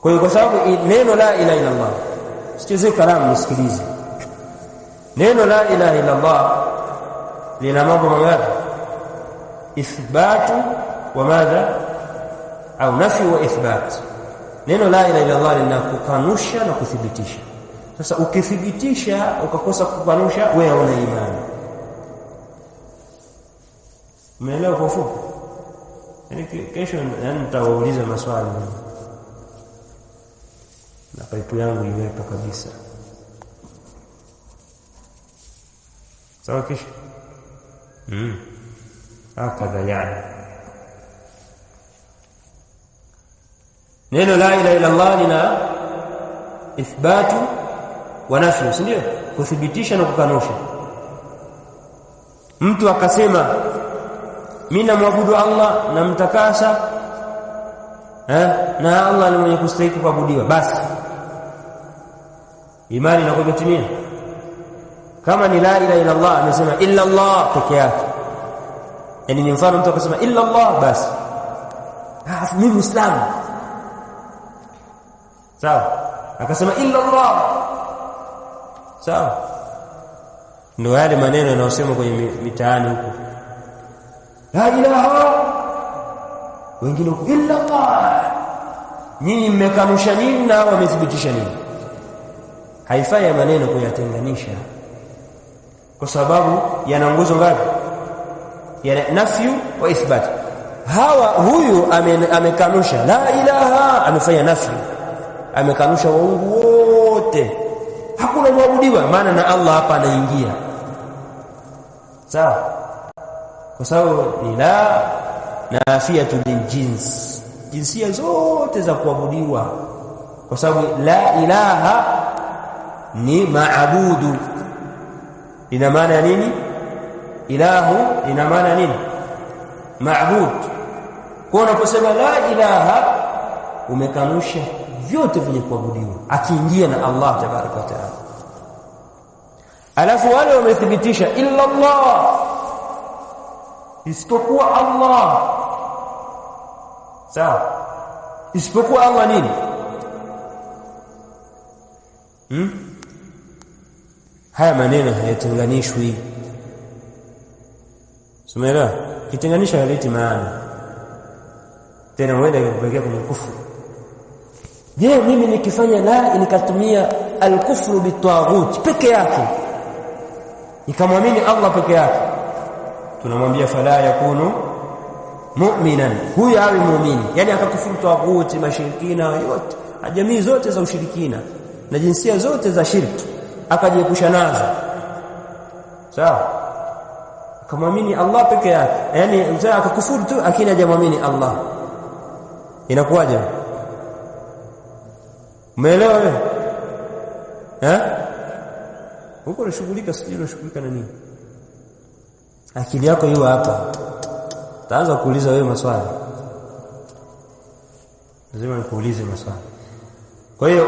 Kwa hiyo kwa sababu neno la ilaha illa Allah, sichezee kalamu, nisikilize. Neno la ilaha illa Allah lina mambo mangapi? Ithbatu wa madha au nafi wa ithbat. Neno la ilaha illa Allah kukanusha na kuthibitisha. Sasa ukithibitisha ukakosa kukanusha, wewe una imani. Umeelewa? Kwa ufupi, yaani kesho yaani nitawauliza maswali na paipu yangu iwepo kabisa. Sawa, kisha mm. Hakadha yani, neno la ilaha illa Allah lina ithbatu wa nafyu, ndio? Kuthibitisha na kukanusha. Mtu akasema mimi namwabudu Allah namtakasa eh, na Allah ni mwenye kustahili kuabudiwa, basi imani inakuwa imetimia. Kama ni la ilaha illa Allah, amesema illa Allah peke yake, yani ni mfano mtu akasema illa Allah basi, ah, mimi Muislamu sawa, akasema illa Allah sawa, ndio yale maneno yanayosema kwenye mitaani huko la ilaha wengine huko illa Allah, nyinyi mmekanusha nini na wamethibitisha nini? haifai ya maneno kuyatenganisha, kwa sababu yana nguzo ngapi? Yana nafyu wa ithbat. Hawa huyu amekanusha la ilaha, amefanya nafyu, amekanusha waungu wote, hakuna mwabudiwa, maana na Allah hapa anaingia, sawa, kwa sababu ni la nafiyatu liljins, jinsia zote za kuabudiwa, kwa sababu la ilaha ni maabudu ina maana ya nini ilahu ina maana nini maabud kwa unaposema la ilaha umekanusha vyote vyenye kuabudiwa akiingia na Allah tabaraka wa taala alafu wale wamethibitisha illa Allah isipokuwa Allah sawa isipokuwa Allah nini hmm? haya maneno hayatenganishwi. Sumeelewa? Kitenganisha haleti maana, tena uenda ikakupelekea kwenye kufru. Je, mimi nikifanya la nikatumia alkufru bitwaghuti peke yake nikamwamini Allah peke yake, tunamwambia fala yakunu mu'minan, huyu awe muumini, yani akakufuru twaguti, mashirikina yote, jamii zote za ushirikina na jinsia zote za shirki akajiepusha nazo, sawa, akamwamini Allah peke yake, yani mzee akakufuru tu, lakini hajamwamini Allah, inakuwaje? Umeelewa wewe eh? Huko unashughulika, sijui unashughulika na nini? Akili yako hiyo hapa, taanza kuuliza wewe maswali, lazima nikuulize maswali. Kwa hiyo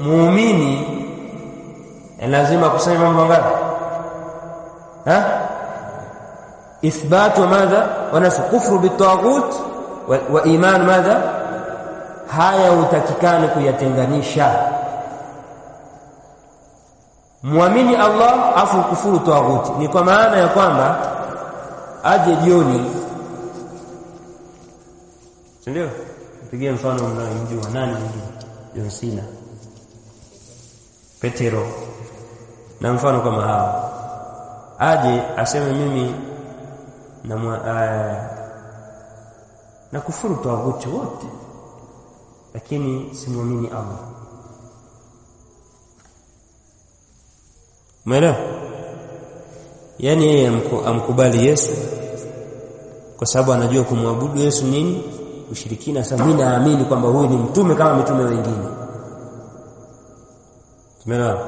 muumini lazima kusema mambo mangapi ha ithbat wa madha wa kufru bitaghut wa, wa iman madha haya utakikana kuyatenganisha muamini Allah afu kufuru tawaghuti ni kwa maana ya kwamba aje jioni ndio pigie mfano mnayemjua nani John Cena Petero na mfano kama hao aje aseme mimi na mwa, eh, na kufuru tawaghuti wote lakini simwamini Allah mera yani yeye amkubali Yesu kwa sababu anajua kumwabudu Yesu nini ushirikina sasa mimi naamini kwamba huyu ni mtume kama mitume wengine mera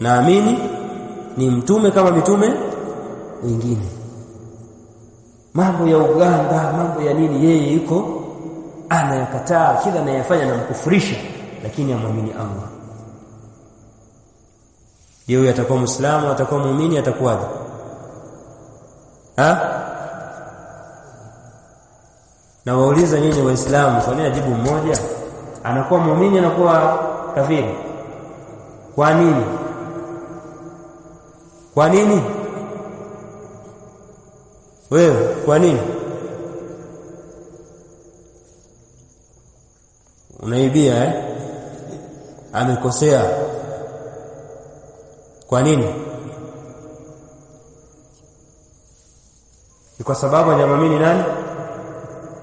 naamini ni mtume kama mitume wengine. Mambo ya uganda mambo ya nini, yeye yuko anayakataa, kila anayefanya namkufurisha, lakini amwamini Allah. Je, atakuwa Muislamu, atakuwa muumini, atakuwa Ha? Na wauliza nyinyi Waislamu, kwa nini ajibu mmoja? Anakuwa muumini, anakuwa kafiri? Kwa nini? Kwa nini wewe? Kwa nini unaibia eh? Amekosea. Kwa nini? Ni kwa sababu hajamwamini nani?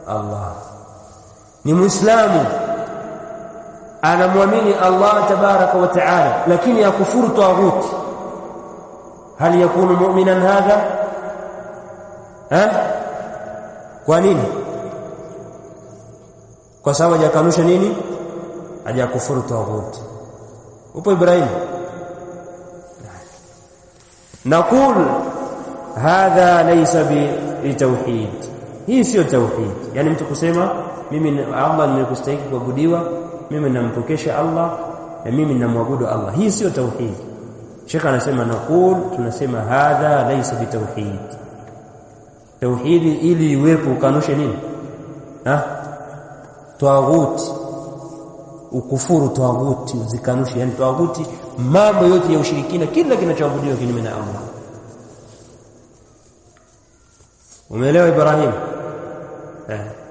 Allah. Ni Muislamu anamwamini Allah tabaraka wa taala, lakini akufuru tawaghuti hal yakunu mu'minan hadha ha? kwa nini kwa sababu hajakanusha nini hajakufuru tawuti upo Ibrahim naqul hadha laysa bi tauhid hii sio tauhid yani mtu kusema mimi Allah nimekustahiki kuabudiwa mimi ninampokesha Allah na mimi ninamwabudu Allah hii sio tauhidi Shekh anasema naqul, tunasema hadha laisa bitauhid. Tauhidi ili iwepo ukanushe nini? Twaguti, ukufuru twaguti uzikanushe, yaani twaguti, mambo yote ya ushirikina, kila kinachoabudiwa kinyume na Allah. Umeelewa Ibrahim eh?